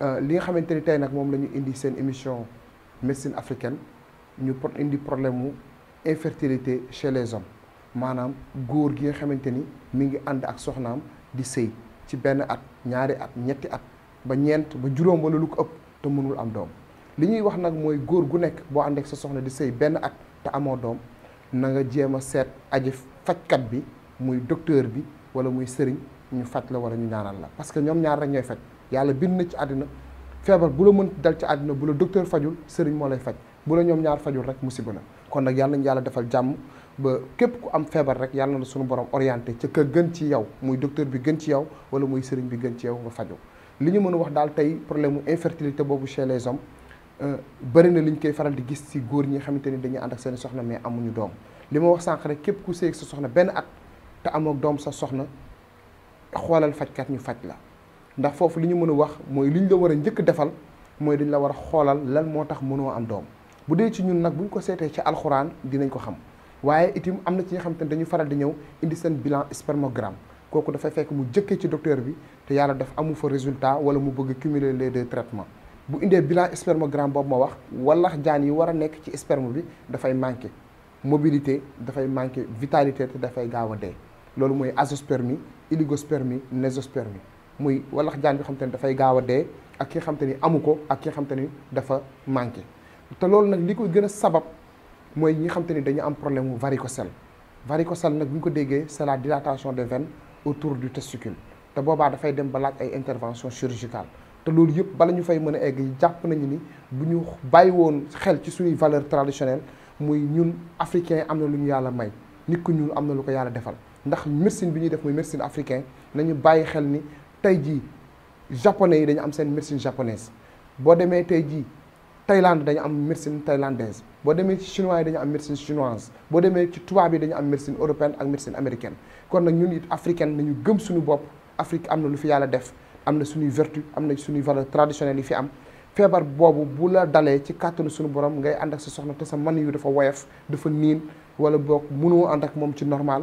Euh, li nga xamante ni tey nag moom la ñu indi seen émission médecine africaine ñu indi problème mu infertilité chez les hommes maanaam góor gi nga xamante ni mi ngi ànd ak soxnaam di sëy ci benn at ñaari at ñetti at ba ñeent ba juróom wala lu ko ëpp te mënul am doom li ñuy wax nag mooy góor gu nekk boo àndeek sa soxna di sëy benn at te amoo doom na nga jéem a seet aji fajkat bi muy docteur bi wala muy sëriñ ñu faj la wala ñu ñaanal la parce que ñoom ñaar rek ñooy faj. yàlla bind na ci àddina feebar bu la mën dal ci àddina bu la docteur fajul sëriñ moo lay faj bu la ñoom ñaar fajul rek musiba na kon nag yàlla nañu yàlla defal jàmm ba képp ku am feebar rek yàlla na suñu borom orienté ca ka gën ci yow muy docteur bi gën ci yow wala muy sëriñ bi gën ci yow nga faju li ñu mën a wax daal tey problème mu infertilité boobu chez some hommes euh, bëri na li ñu koy faral di gis ci góor ñi xamante ni dañuy ànd ak seen soxna mais amuñu doom li ma wax sànq képp ku séeg sa soxna benn at te amook doom sa soxna xoolal fajkat ñu faj la ndax foofu li ñu mën a wax mooy li ñu la war a njëkk defal mooy dañ la war a xoolal lan moo tax mënoo am doom bu dee ci ñun nag bu ñu ko seetee ci alxuraan dinañ ko xam waaye itim am na ci nga xam te ne dañu faral di ñëw indi seen bilan spermogramme kooku dafay fekk mu jëkkee ci docteur bi te yàlla def amul fa résultat wala mu bëgg cumuler de deux traitements bu indee bilan spermogramme boobu ma wax wala jaan yi war a nekk ci sperme bi dafay manqué mobilité dafay manqué vitalité te dafay gaaw a dee loolu mooy azoospermie oligospermie nésospermie muy walax jaan bi xam ne dafay gaaw a dee ak ki nga ni amu ko ak ki nga ni dafa manqué te loolu nag li koy gën a sabab mooy ñi xam ni dañu am problème mu ko varicocèle nag bu ñu ko déggee c'est la dilatation des veines autour du testicule te booba dafay dem ba ay intervention chirurgicale te loolu yëpp bala ñu fay mën a egg jàpp nañu ni bu ñu bàyyi woon xel ci suñuy valeur traditionnelle muy ñun africain am na lu ñu yàlla may nit ku ñuul am na lu ko yàlla defal ndax médecine bi ñuy def muy médecine africain nañu bàyyi xel ni tey jii japonais yi dañu am seen médecine japonaise boo demee tey jii Thaïlande dañu am médecine thaïlandaise boo demee ci chinois yi dañu am médecine chinoise boo demee ci tubaab yi dañu am médecine européenne ak médecine américaine kon nag ñun it africaine nañu gëm suñu bopp Afrique am na lu fi yàlla def am na suñuy vertu am na suñuy valeur traditionnelle yi fi am feebar boobu bu la dalee ci kàttanu suñu borom ngay ànd ak sa soxna te sa man yu dafa woyof dafa niin wala boog mënoo ànd ak moom ci normal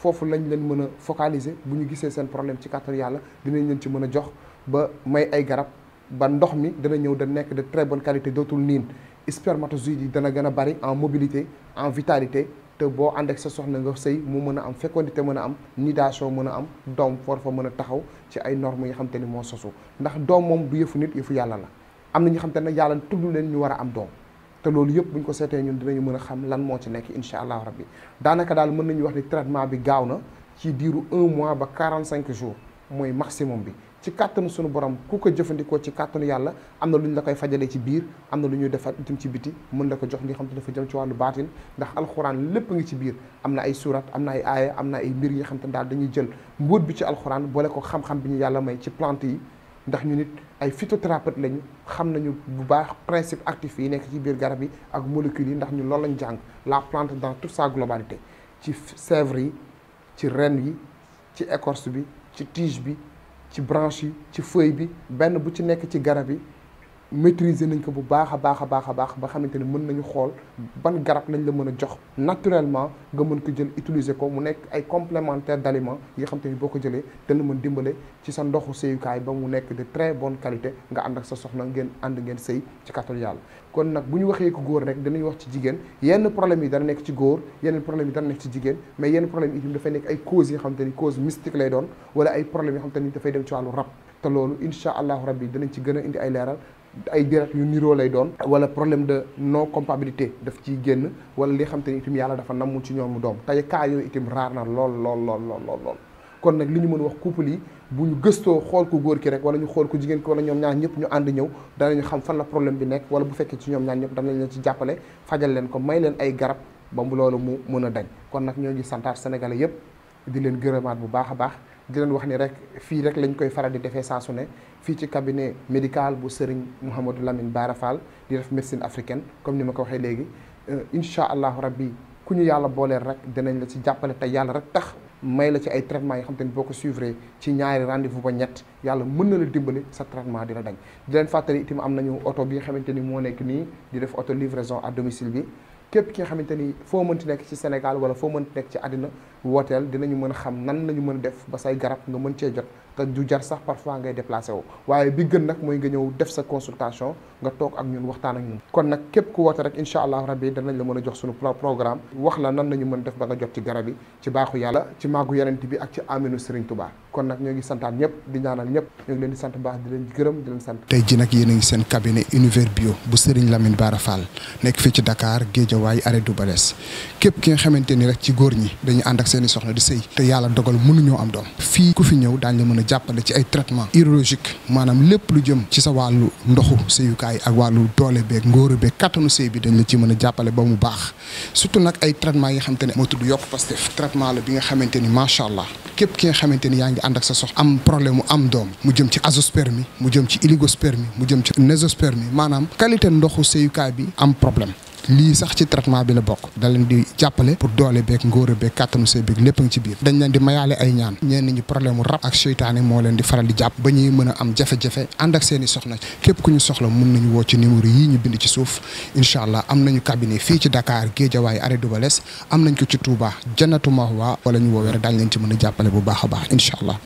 foofu lañ leen mën a focaliser bu ñu gisee seen problème ci kàttan yàlla dinañ leen ci mën a jox ba may ay garab ba ndox mi dana ñëw da nekk de très bonne qualité dootul niin spermatozoïdes yi dana gën a bari en mobilité en vitalité te boo ànd ak sa soxna nga sëy mu mën a am fécondité mën a am nidation mën a am doom for fa mën a taxaw ci ay normes yi xam te moo sosu ndax doom moom bu yëfu nit yëfu yàlla la am na ñu xam te ne yàlla tudd leen ñu war a am doom te loolu yëpp buñ ko seetee ñun dinañu mën a xam lan moo ci nekk incha allahu rabbi daanaka daal mën nañu wax ni traitement bi gaaw na ci diiru un mois ba 45 jours mooy maximum bi ci kàttanu suñu borom ku ko jëfandikoo ci kàttanu yàlla am na lu ñu la koy fajalee ci biir am na lu ñuy defar itam ci biti mën la ko jox nga xam te dafa jël ci wàllu baatin ndax alxuraan lépp ngi ci biir am na ay surat am na ay aaya am na ay mbir yi nga xam te daal dañuy jël mbóot bi ci alxuraan boole ko xam-xam ñu yàlla may ci plante yi ndax ñu nit ay phytothérapeute lañu xam nañu bu baax principe actif yi nekk ci biir garab yi ak molécules yi ndax ñu loolu lañ jàng la plante dans toute sa globalité ci sève yi ci reine yi ci écorce bi ci tige bi ci branche yi ci feuille bi benn bu ci nekk ci garab yi maîtriser nañ ko bu baax a baax a baax a baax ba xamante ni mën nañu xool ban garab lañ la mën a jox naturellement nga mën ko jël utiliser ko mu nekk ay complémentaire d'aliments yi xam te ni boo ko jëlee dana mën dimbale ci sa ndoxu seyukaay ba mu nekk de très bonne qualité nga ànd ak sa soxna ngeen ànd ngeen sëy ci kattan yàlla kon nag bu ñu waxee ko góor rek danañ wax ci jigéen yenn problème yi dana nekk ci góor yenn problème yi dana nekk ci jigéen mais yenn problème yi itam dafay nekk ay causes yi xam te ni cause mystique lay doon wala ay problème yi xam te ni dafay dem ci wàllu rab te loolu incha allahu rabbi danañ ci gën a indi ay leeral ay deret yu niroo lay doon wala problème de non compatibilité daf ciy génn wala li xam te ni itam yàlla dafa nammul ci ñoomu doom tey cas yooyu itam raar na lool lool lool lool kon nag li ñu mën wax couple yi bu ñu gëstoo xool ku góor ki rek wala ñu xool ku jigéen ki wala ñoom ñaar ñëpp ñu ànd ñëw danañu xam fan la problème bi nekk wala bu fekkee ci ñoom ñaar ñëpp danañ leen ci jàppale fajal leen ko may leen ay garab ba loolu mu mën a dañ kon nag ñoo ngi santaat sénégalais yëpp di leen gërëmaat bu baax a baax di leen wax ni rek fii rek lañ koy faral di defee saa su ne fii ci cabinet médical bu Serigne Mouhamadou Lamine Bara Fall di def médecine africaine comme ni ma ko waxee léegi euh, incha allahu rabbi ku ñu yàlla booleel rek dinañ la ci jàppale te yàlla rek tax may la ci ay traitement yi xam te ni boo ko suivre ci ñaari rendez-vous ba ñett yàlla mën na la dimbali sa traitement dina dañ di leen fàttali itam am nañu oto bi nga xamante ni moo nekk nii di def auto livraison à domicile bi képp ki nga xamante ni foo mënti nekk ci Sénégal wala foo mënti nekk ci àddina wooteel dinañu mën a xam nan la mën a def ba say garab nga mën cee jot te du jar sax parfois ngay déplacé waaye bi gën nag mooy nga ñëw def sa consultation nga toog ak ñun waxtaan ak ñun kon nag képp ku woote rek incha allah rabbi danañ la mën a jox suñu programme wax la nan nañu mën def ba nga jot ci garab yi ci baaxu yàlla ci màggu yonent bi ak ci aminu Serigne Touba kon nag ñoo ngi santaan ñëpp di ñaanal ñëpp ñoo ngi leen di sant baax di leen gërëm di leen sant tey ji nag yéen seen cabinet univers bio bu Serigne ci Dakar Guédiawaye arrêt du Balès képp ki nga xamante di sëy te yàlla dogal mënuñoo am doom fii ku fi ñëw jàppale ci ay traitement urologique maanaam lépp lu jëm ci sa wàllu ndoxu sëyukaay ak wàllu doole beeg ngóor beeg kattanu sëy bi dañ la ci mën a jàppale ba mu baax surtout nag ay traitement yi nga xamante ne moo tudd yokk Pastef traitement la bi nga xamante ni macha allah képp ki nga xamante ni yaa ngi ànd ak sa sox am problème mu am doom mu jëm ci azospermie mu jëm ci oligospermie mu jëm ci nésospermie maanaam qualité ndoxu sëyukaay bi am problème lii sax ci traitement bi la bokk da leen di jàppale pour doole beeg ngóor a beeg kàttanu see beeg lépp ci biir dañ leen di mayaale ay ñaan ñenn ñi problème mu rab ak seytaane moo leen di faral di jàpp ba ñuy mën a am jafe-jafe ànd ak seen i soxna képp ku ñu soxla mun nañu woo ci numéro yii ñu bind ci suuf incha allah am nañu cabinet fii ci Dakar Guédiawaye arrêt Doubalès am nañ ko ci Touba Jannatu Mahwa wala ñu woowee rek daañu leen ci mën a jàppale bu baax baax incha allah